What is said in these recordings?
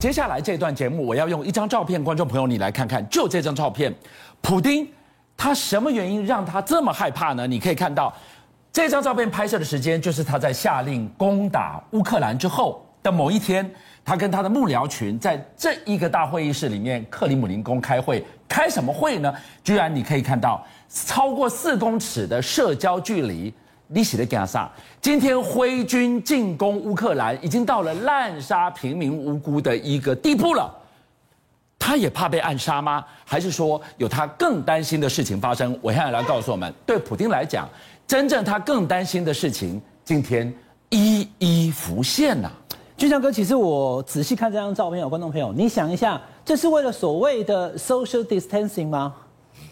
接下來這段節目，我要用一張照片，觀眾朋友你來看看，就這張照片，普丁他什麼原因讓他這麼害怕呢？你可以看到這張照片拍攝的時間，就是他在下令攻打烏克蘭之後的某一天，他跟他的幕僚群在這一個大會議室裡面克里姆林宮開會，開什麼會呢？居然你可以看到超過四公尺的社交距離。你寫的幹啥？今天揮軍進攻烏克蘭，已經到了濫殺平民無辜的一個地步了。他也怕被暗殺嗎？還是說有他更擔心的事情發生？我現在來告訴我們，對普丁來講，真正他更擔心的事情，今天一一浮現吶、啊。俊相哥，其實我仔細看這張照片，有觀眾朋友，你想一下，這是為了所謂的 social distancing 嗎？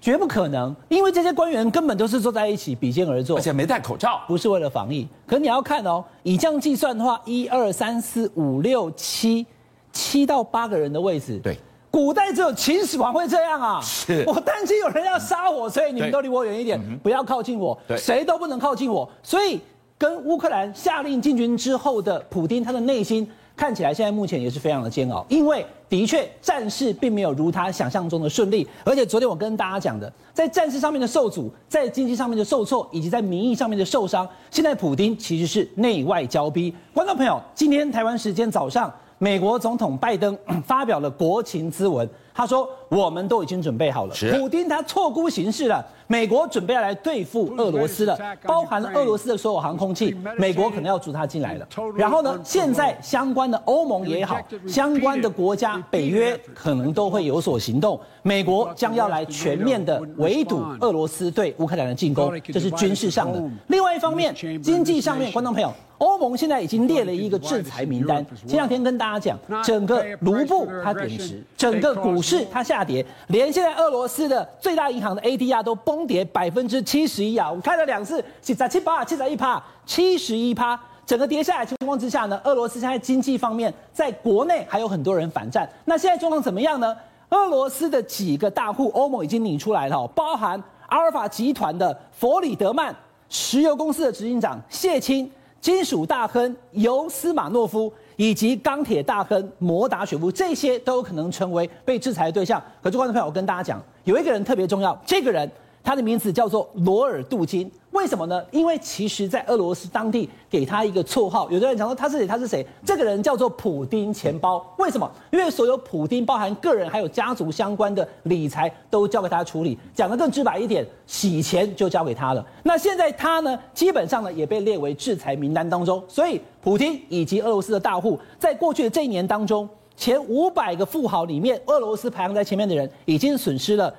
絕不可能，因為這些官員根本都是坐在一起比肩而坐，而且沒戴口罩，不是為了防疫。可你要看哦，以這樣計算的話，一二三四五六七，七到八個人的位置。對，古代只有秦始皇會這樣啊！是，我擔心有人要殺我，所以你們都離我遠一點，不要靠近我。對，誰都不能靠近我。所以跟烏克蘭下令進軍之後的普丁，他的內心。看起來現在目前也是非常的煎熬，因為的確戰事並沒有如他想象中的順利，而且昨天我跟大家講的，在戰事上面的受阻，在經濟上面的受挫，以及在民意上面的受傷，現在普丁其實是內外交逼。觀眾朋友，今天台灣時間早上，美國總統拜登發表了國情諮文。他說：“我們都已經準備好了。是。普丁他錯估形勢了，美國準備要來對付俄羅斯了，包含了俄羅斯的所有航空器，美國可能要阻他進來了。然後呢，現在相關的歐盟也好，相關的國家北約可能都會有所行動，美國將要來全面的圍堵俄羅斯對烏克蘭的進攻，這是軍事上的。另外一方面，經濟上面，觀眾朋友，歐盟現在已經列了一個制裁名單。前兩天跟大家講，整個盧布它貶值，整個股市。”是它下跌，連現在俄羅斯的最大銀行的 ADR 都崩跌百分之七十一啊！我開了兩次，七十七趴，七十一趴，七十一趴，整個跌下來情況之下呢，俄羅斯現在經濟方面，在國內還有很多人反戰。那現在狀況怎麼樣呢？俄羅斯的幾個大戶，歐盟已經擰出來了哦，包含阿爾法集團的弗里德曼石油公司的執行長謝欽、金屬大亨尤斯馬諾夫。以及鋼鐵大亨摩打雪夫，這些都可能成為被制裁的對象。可是觀眾朋友，我跟大家講，有一個人特別重要，這個人。他的名字叫做羅爾杜金，為什麼呢？因為其實，在俄羅斯當地給他一個綽號，有的人講說他是誰，他是誰？這個人叫做普丁錢包，為什麼？因為所有普丁包含個人還有家族相關的理財都交給他處理。講的更直白一點，洗錢就交給他了。那現在他呢，基本上呢也被列為制裁名單當中。所以，普丁以及俄羅斯的大戶，在過去的這一年當中，前五百個富豪裡面，俄羅斯排行在前面的人已經損失了。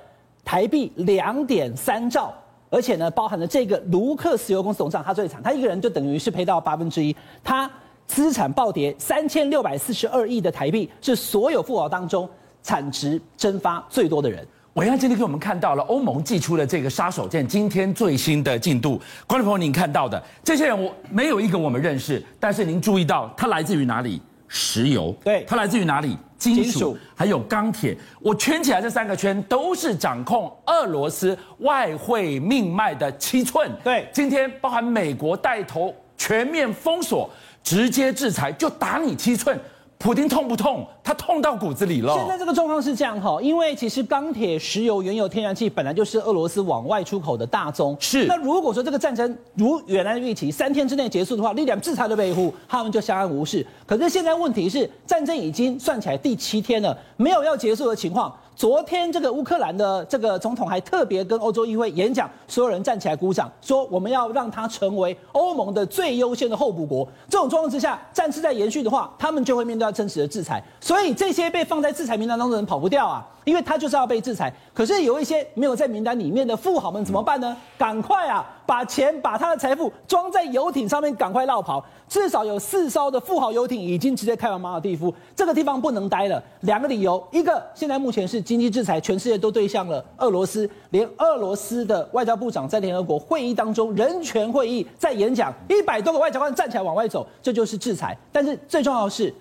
台幣兩點三兆，而且呢，包含了這個盧克石油公司董事長，他最慘，他一個人就等於是賠到八分之一，他資產暴跌三千六百四十二億的台幣，是所有富豪當中產值蒸發最多的人。我剛在今天給我們看到了歐盟祭出了這個殺手鐧，今天最新的進度，觀眾朋友您看到的這些人，我沒有一個我們認識，但是您注意到他來自於哪裡？石油。對。他來自於哪裡？金屬，金屬還有鋼鐵，我圈起來這三個圈都是掌控俄羅斯外匯命脈的七寸。對，今天包含美國帶頭全面封鎖、直接制裁，就打你七寸。普丁痛不痛？他痛到骨子裡了。現在這個狀況是這樣哈，因為其實鋼鐵、石油、原油、天然氣本來就是俄羅斯往外出口的大宗。是。那如果說這個戰爭如原來預期三天之內結束的話，力量制裁的維護，他們就相安無事。可是現在問題是，戰爭已經算起來第七天了，沒有要結束的情況。昨天，這個烏克蘭的這個總統還特別跟歐洲議會演講，所有人站起來鼓掌，說我們要讓他成為歐盟的最優先的候補國。這種狀況之下，戰事再延續的話，他們就會面對到真實的制裁。所以，這些被放在制裁名單當中的人跑不掉啊。因為他就是要被制裁，可是有一些沒有在名單裡面的富豪們怎麼辦呢？趕快啊，把錢把他的財富裝在遊艇上面，趕快落跑。至少有四艘的富豪遊艇已經直接開往馬爾地夫，這個地方不能呆了。兩個理由，一個現在目前是經濟制裁，全世界都對象了俄羅斯，連俄羅斯的外交部長在聯合國會議當中人權會議在演講，一百多個外交官站起來往外走，這就是制裁。但是最重要的是。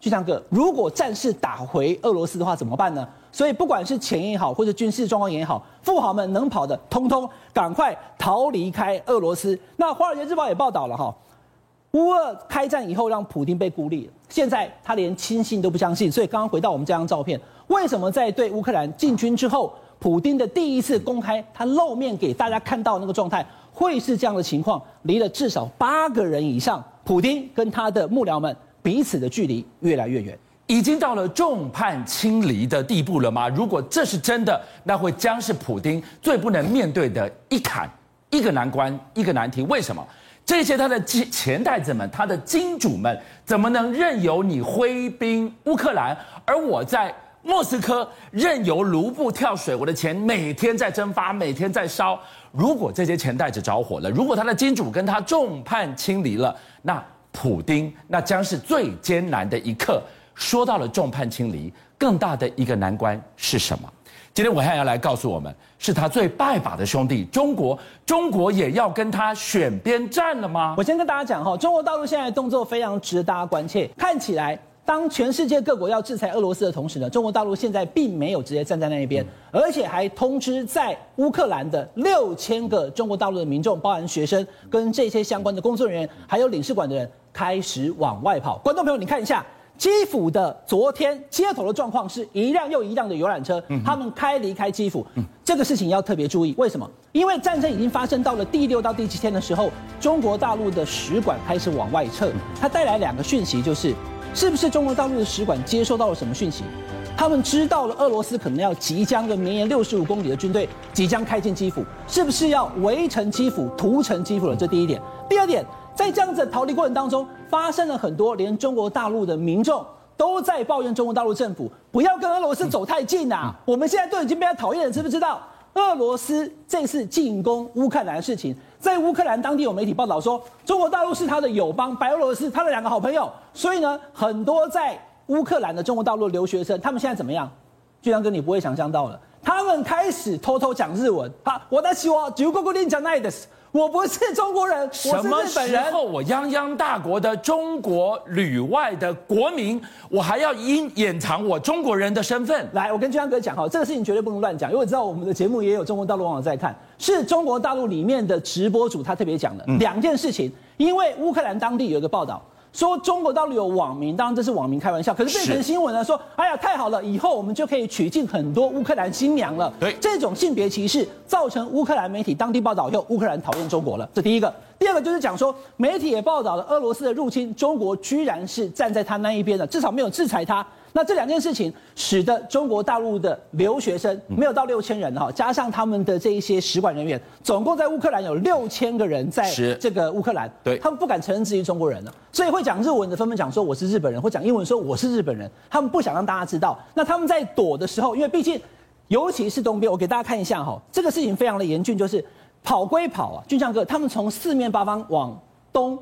就像個，如果戰事打回俄羅斯的話怎麼辦呢？所以不管是錢也好，或者軍事狀況也好，富豪們能跑的通通趕快逃離開俄羅斯。那《華爾街日報》也報道了哈，烏俄開戰以後，讓普丁被孤立，現在他連親信都不相信。所以剛剛回到我們這張照片，為什麼在對烏克蘭進軍之後，普丁的第一次公開他露面給大家看到那個狀態，會是這樣的情況？離了至少八個人以上，普丁跟他的幕僚們。彼此的距離越來越遠，已經到了眾叛親離的地步了嗎？如果這是真的，那會將是普丁最不能面對的一坎，一個難關，一個難題。為什麼這些他的錢袋子們、他的金主們，怎麼能任由你揮兵烏克蘭，而我在莫斯科任由盧布跳水，我的錢每天在蒸發，每天在燒？如果這些錢袋子着火了，如果他的金主跟他眾叛親離了，那，普丁，那將是最艱難的一刻。說到了眾叛親離，更大的一個難關是什麼？今天暐瀚要來告訴我們，是他最拜把的兄弟中國，中國也要跟他選邊站了嗎？我先跟大家講哈，中國大陸現在的動作非常值得大家關切。看起來，當全世界各國要制裁俄羅斯的同時呢，中國大陸現在並沒有直接站在那一邊，而且還通知在烏克蘭的六千個中國大陸的民眾，包含學生、跟這些相關的工作人員，還有領事館的人。開始往外跑，觀眾朋友，你看一下基輔的昨天街頭的狀況，是一輛又一輛的遊覽車、嗯，他們開離開基輔、嗯，這個事情要特別注意。為什麼？因為戰爭已經發生到了第六到第七天的時候，中國大陸的使館開始往外撤，它帶來兩個訊息，就是是不是中國大陸的使館接收到了什麼訊息？他們知道了俄羅斯可能要即將的綿延六十五公里的軍隊即將開進基輔，是不是要圍城基輔、屠城基輔了？這第一點，第二點。在這樣子逃離過程當中，發生了很多，連中國大陸的民眾都在抱怨中國大陸政府不要跟俄羅斯走太近啊、嗯嗯！我們現在都已經被他討厭了，知不知道？俄羅斯這次進攻烏克蘭的事情，在烏克蘭當地有媒體報道說，中國大陸是他的友邦，白俄羅斯他的兩個好朋友，所以呢，很多在烏克蘭的中國大陸留學生，他們現在怎麼樣？居然跟你不會想象到了，他們開始偷偷講日文。好、啊，我在說，只有哥哥你講奈德斯。我不是中國人,我是人，什麼時候我泱泱大國的中國旅外的國民，我還要隱掩藏我中國人的身份？來，我跟俊相哥講哈，這個事情絕對不能亂講，因為我知道我們的節目也有中國大陸網友在看，是中國大陸裡面的直播主他特別講的兩件事情，因為烏克蘭當地有一個報道。說中國到底有網民，當然這是網民開玩笑，可是這則新聞呢說，哎呀，太好了，以後我們就可以娶進很多烏克蘭新娘了。對，這種性別歧視造成烏克蘭媒體當地報道以後烏克蘭討厭中國了。這第一個，第二個就是講說媒體也報道了俄羅斯的入侵，中國居然是站在他那一邊的，至少沒有制裁他。那這兩件事情使得中國大陸的留學生沒有到六千人哈、哦，加上他們的這一些使館人員，總共在烏克蘭有六千個人，在這個烏克蘭，他們不敢承認自己是中國人，所以會講日文的紛紛講說我是日本人，會講英文說我是日本人，他們不想讓大家知道。那他們在躲的時候，因為畢竟，尤其是東邊，我給大家看一下哈、哦，這個事情非常的嚴峻，就是跑歸跑啊，俊相哥，他們從四面八方往東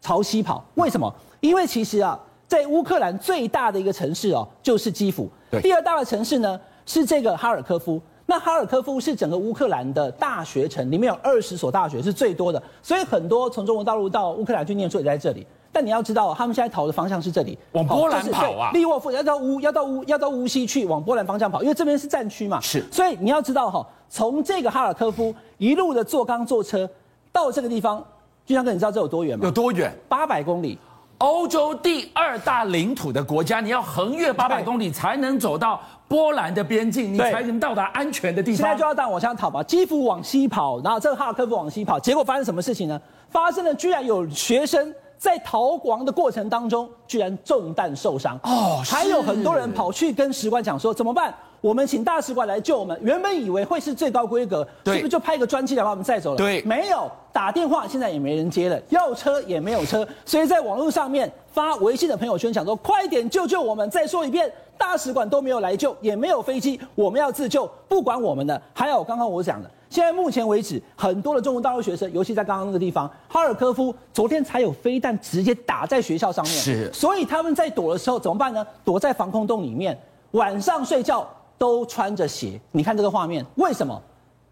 朝西跑，為什麼？因為其實啊。在烏克蘭最大的一個城市哦，就是基輔。第二大的城市呢，是這個哈爾科夫。那哈爾科夫是整個烏克蘭的大學城，裡面有二十所大學，是最多的。所以很多從中國大陸到烏克蘭去唸書也在這裡。但你要知道，他們現在逃的方向是這裡，往波蘭跑啊！哦就是、利沃夫要到烏，要到烏，要到烏西去，往波蘭方向跑，因為這邊是戰區嘛。是。所以你要知道哈、哦，從這個哈爾科夫一路的坐缸、坐車到這個地方，俊相哥，你知道這有多遠嗎？有多遠？八百公里。歐洲第二大領土的國家，你要橫越八百公里才能走到波蘭的邊境，你才能到達安全的地方。現在就要這樣往下逃吧，基輔往西跑，然後這個哈爾科夫往西跑，結果發生什麼事情呢？發生了，居然有學生在逃亡的過程當中居然中彈受傷，哦，還有很多人跑去跟使館講說怎麼辦。我們請大使館來救我們，原本以為會是最高規格，是不是就派一個專機來把我們載走了？對，沒有打電話，現在也沒人接了，要車也沒有車，所以在網絡上面發微信的朋友圈，想說快點救救我們。再說一遍，大使館都沒有來救，也沒有飛機，我們要自救，不管我們的。還有剛剛我講的，現在目前為止，很多的中國大陸學生，尤其在剛剛那個地方哈爾科夫，昨天才有飛彈直接打在學校上面，是，所以他們在躲的時候怎麼辦呢？躲在防空洞裡面，晚上睡覺。都穿着鞋，你看這個畫面，為什麼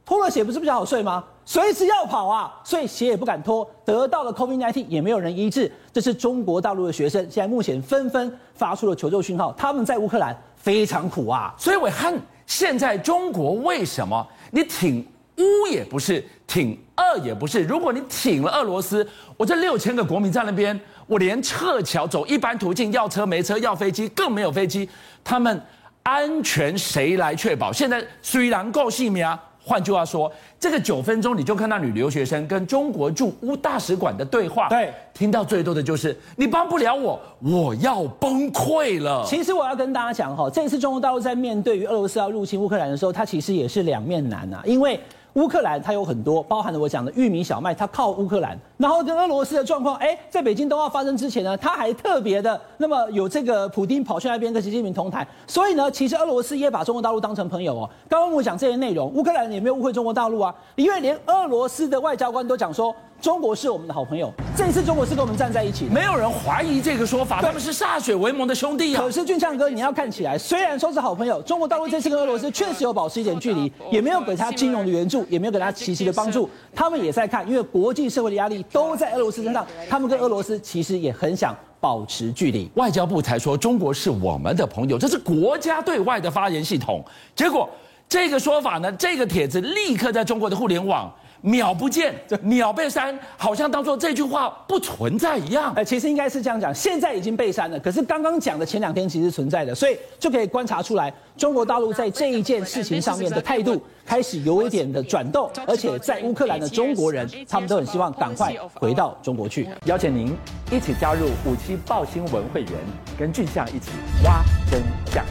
脫了鞋不是比較好睡嗎？隨時要跑啊，所以鞋也不敢脫。得到了 COVID-19 也沒有人醫治，這是中國大陸的學生現在目前紛紛發出了求救訊號。他們在烏克蘭非常苦啊，所以我恨現在中國為什麼你挺烏也不是，挺俄也不是。如果你挺了俄羅斯，我這六千個國民在那邊，我連撤僑走一般途徑，要車沒車，要飛機更沒有飛機，他們。安全誰來確保？現在雖然夠幸運啊，換句話說，這個九分鐘你就看到女留學生跟中國駐烏大使館的對話，對，聽到最多的就是你幫不了我，我要崩潰了。其實我要跟大家講哈，這一次中國大陸在面對於俄羅斯要入侵烏克蘭的時候，它其實也是兩面難啊，因為。烏克蘭它有很多，包含了我講的玉米、小麥，它靠烏克蘭，然後跟俄羅斯的狀況，哎，在北京冬奧發生之前呢，它還特別的那麼有這個普丁跑去那邊跟習近平同台，所以呢，其實俄羅斯也把中國大陸當成朋友哦。剛剛我講這些內容，烏克蘭也沒有誤會中國大陸啊，因為連俄羅斯的外交官都講說。中國是我們的好朋友，這一次中國是跟我們站在一起，沒有人懷疑這個說法，他們是歃血為盟的兄弟啊。可是俊相哥，你要看起來，雖然說是好朋友，中國大陸這次跟俄羅斯確實有保持一點距離，也沒有給他金融的援助，也沒有給他實際的幫助，他們也在看，因為國際社會的壓力都在俄羅斯身上，他們跟俄羅斯其實也很想保持距離。外交部才說中國是我們的朋友，這是國家對外的發言系統。結果這個說法呢，這個帖子立刻在中國的互聯網。秒不見，秒被刪，好像當作這句話不存在一樣。哎、呃，其實應該是這樣講，現在已經被刪了。可是剛剛講的前兩天其實存在的，所以就可以觀察出來，中國大陸在這一件事情上面的態度開始有一點的轉動，而且在烏克蘭的中國人，他們都很希望趕快回到中國去。邀請您一起加入五七爆新聞會員，跟俊相一起挖真相。